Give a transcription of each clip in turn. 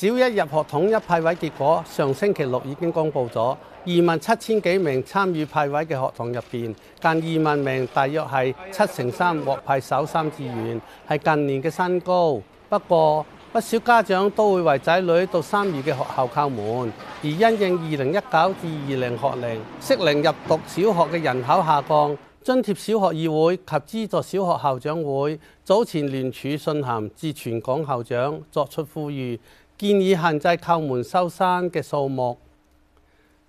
小一入學統一派位結果上星期六已經公布咗，二萬七千幾名參與派位嘅學童入邊，近二萬名大約係七成三獲派首三志願，係近年嘅新高。不過不少家長都會為仔女到三二嘅學校叩門，而因應二零一九至二零學齡適齡入讀小學嘅人口下降，津貼小學議會及資助小學校長會早前聯署信函致全港校長，作出呼籲。建議限制叩門收生嘅數目，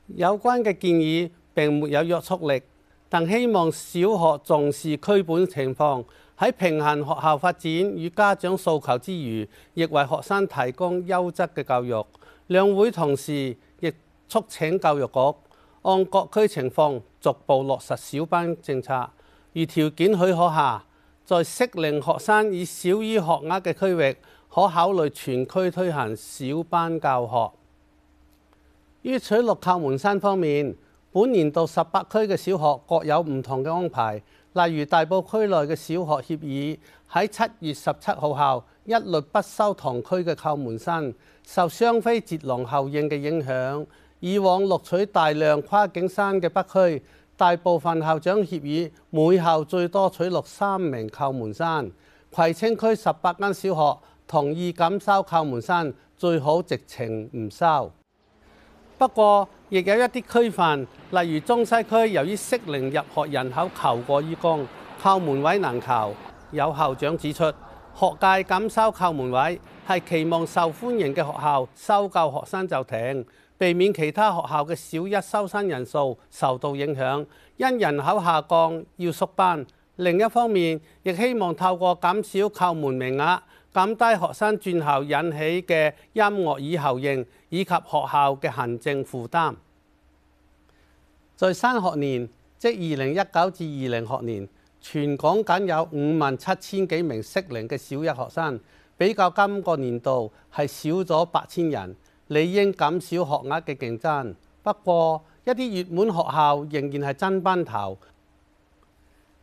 有關嘅建議並沒有約束力，但希望小學重視區本情況，喺平衡學校發展與家長訴求之餘，亦為學生提供優質嘅教育。兩會同時亦促請教育局按各區情況逐步落實小班政策，如條件許可下，在適齡學生以少於學額嘅區域，可考慮全區推行小班教學。於取錄叩門生方面，本年度十八區嘅小學各有唔同嘅安排，例如大埔區內嘅小學協議喺七月十七號後一律不收同區嘅叩門生。受雙非接龍效應嘅影響，以往錄取大量跨境生嘅北區，大部分校長協議每校最多取錄三名叩門生。葵青區十八間小學，同意減收叩門生，最好直情唔收。不過，亦有一啲區份，例如中西區，由於適齡入學人口求過於供，叩門位難求。有校長指出，學界減收叩門位係期望受歡迎嘅學校收夠學生就停，避免其他學校嘅小一收生人數受到影響。因人口下降，要縮班。另一方面，亦希望透過減少叩門名額，減低學生轉校引起嘅音樂椅效應，以及學校嘅行政負擔。在新學年，即二零一九至二零學年，全港僅有五萬七千幾名適齡嘅小一學生，比較今個年度係少咗八千人，理應減少學額嘅競爭。不過，一啲熱門學校仍然係爭班頭。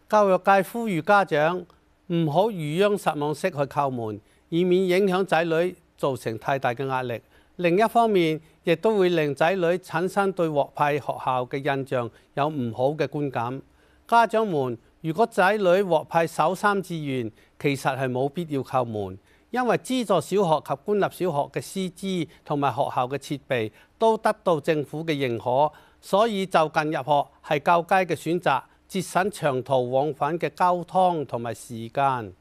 教育界呼籲家長唔好漁翁撒網式去叩門，以免影響仔女造成太大嘅壓力。另一方面，亦都會令仔女產生對獲派學校嘅印象有唔好嘅觀感。家長們，如果仔女獲派首三志願，其實係冇必要叩門，因為資助小學及官立小學嘅師資同埋學校嘅設備都得到政府嘅認可，所以就近入學係較佳嘅選擇。節省長途往返嘅交通同埋時間，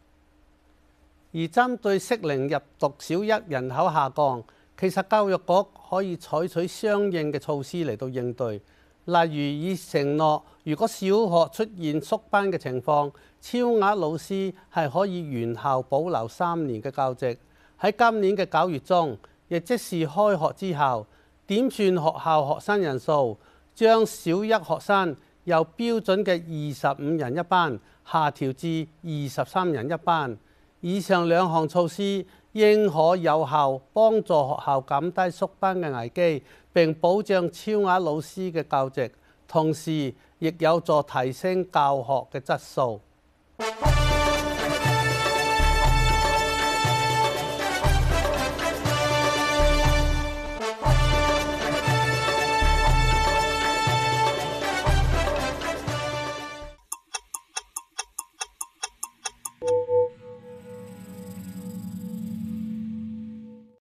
而針對適齡入讀小一人口下降，其實教育局可以採取相應嘅措施嚟到應對，例如以承諾，如果小學出現縮班嘅情況，超額老師係可以原校保留三年嘅教職。喺今年嘅九月中，亦即是開學之後，點算學校學生人數，將小一學生由標準嘅二十五人一班下調至二十三人一班，以上兩項措施應可有效幫助學校減低縮班嘅危機，並保障超額老師嘅教職，同時亦有助提升教學嘅質素。